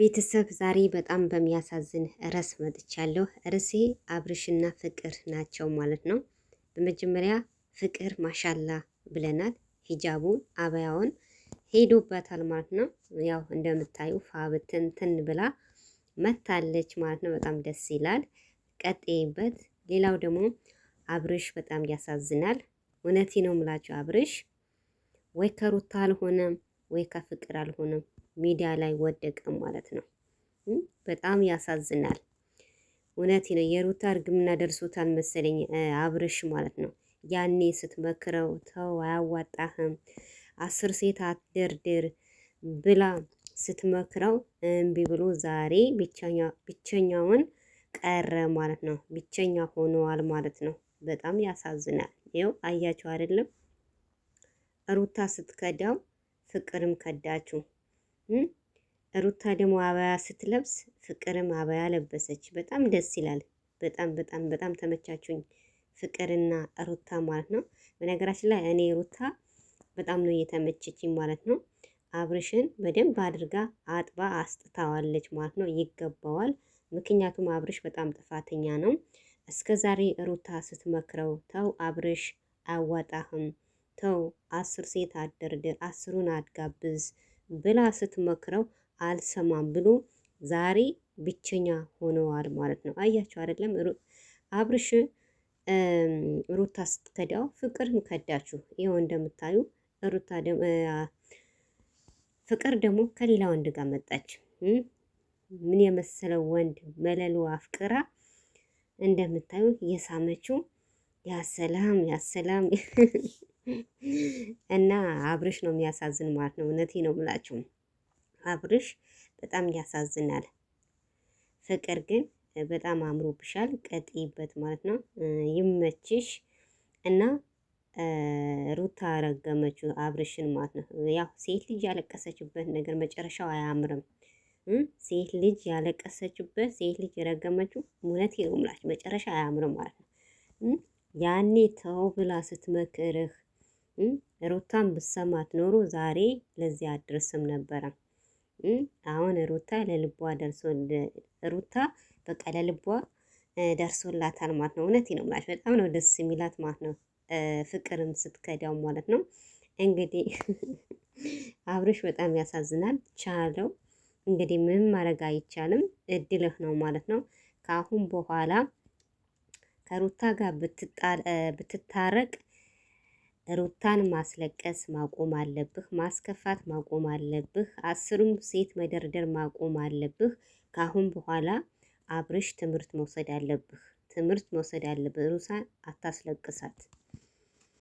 ቤተሰብ ዛሬ በጣም በሚያሳዝን ርዕስ መጥቻለሁ። ርዕሴ አብርሽና ፍቅር ናቸው ማለት ነው። በመጀመሪያ ፍቅር ማሻላ ብለናል። ሂጃቡን አበያውን ሄዶበታል ማለት ነው። ያው እንደምታዩ ፋብትንትን ብላ መታለች ማለት ነው። በጣም ደስ ይላል። ቀጤበት። ሌላው ደግሞ አብርሽ በጣም ያሳዝናል። እውነቴ ነው የምላችሁ አብርሽ ወይ ከሩታ አልሆነም ወይ ከፍቅር አልሆነም ሚዲያ ላይ ወደቀ ማለት ነው። በጣም ያሳዝናል። እውነት ነው። የሩታ እርግምና ደርሶታል መሰለኝ አብርሽ ማለት ነው። ያኔ ስትመክረው ተው አያዋጣህም፣ አስር ሴት አትደርድር ብላ ስትመክረው እምቢ ብሎ ዛሬ ብቸኛውን ቀረ ማለት ነው። ብቸኛ ሆነዋል ማለት ነው። በጣም ያሳዝናል። ይው አያችሁ አይደለም ሩታ ስትከዳው ፍቅርም ከዳችሁ። ሩታ ደግሞ አበያ ስትለብስ ፍቅርም አበያ ለበሰች። በጣም ደስ ይላል። በጣም በጣም በጣም ተመቻቹኝ ፍቅርና ሩታ ማለት ነው። በነገራችን ላይ እኔ ሩታ በጣም ነው እየተመቸችኝ ማለት ነው። አብርሽን በደንብ አድርጋ አጥባ አስጥታዋለች ማለት ነው። ይገባዋል። ምክንያቱም አብርሽ በጣም ጥፋተኛ ነው። እስከ ዛሬ ሩታ ስትመክረው ተው አብርሽ አያዋጣህም፣ ተው አስር ሴት አደርድር፣ አስሩን አትጋብዝ ብላ ስትመክረው አልሰማም ብሎ ዛሬ ብቸኛ ሆነዋል ማለት ነው። አያቸው አይደለም አብርሽ ሩታ ስትከዳው ፍቅርም ከዳችሁ። ይኸው እንደምታዩ ሩታ ፍቅር ደግሞ ከሌላ ወንድ ጋር መጣች። ምን የመሰለው ወንድ መለሉ አፍቅራ እንደምታዩ የሳመችው ያሰላም ያሰላም እና አብርሽ ነው የሚያሳዝን ማለት ነው። እውነቴ ነው የምላችሁ አብርሽ በጣም ያሳዝናል። ፍቅር ግን በጣም አምሮብሻል፣ ቀጥይበት ማለት ነው። ይመችሽ እና ሩታ ረገመች አብርሽን ማለት ነው። ያው ሴት ልጅ ያለቀሰችበት ነገር መጨረሻው አያምርም። ሴት ልጅ ያለቀሰችበት ሴት ልጅ የረገመችው እውነት ነው የምላችሁ መጨረሻ አያምርም ማለት ነው። ያኔ ተው ብላ ስትመክርህ ሩታን ብሰማት ኖሮ ዛሬ ለዚህ አድርስም ነበረ። አሁን ሩታ ለልቧ ደርሶ ሩታ በቃ ለልቧ ደርሶላታል ማለት ነው። እውነት ነው ማለት በጣም ነው ደስ የሚላት ማለት ነው። ፍቅርም ስትከዳው ማለት ነው። እንግዲህ አብርሽ በጣም ያሳዝናል። ቻለው እንግዲህ ምንም ማድረግ አይቻልም። እድልህ ነው ማለት ነው። ከአሁን በኋላ ከሩታ ጋር ብትታረቅ ሩታን ማስለቀስ ማቆም አለብህ። ማስከፋት ማቆም አለብህ። አስሩም ሴት መደርደር ማቆም አለብህ። ከአሁን በኋላ አብርሽ ትምህርት መውሰድ አለብህ። ትምህርት መውሰድ አለብህ። ሩሳን አታስለቅሳት።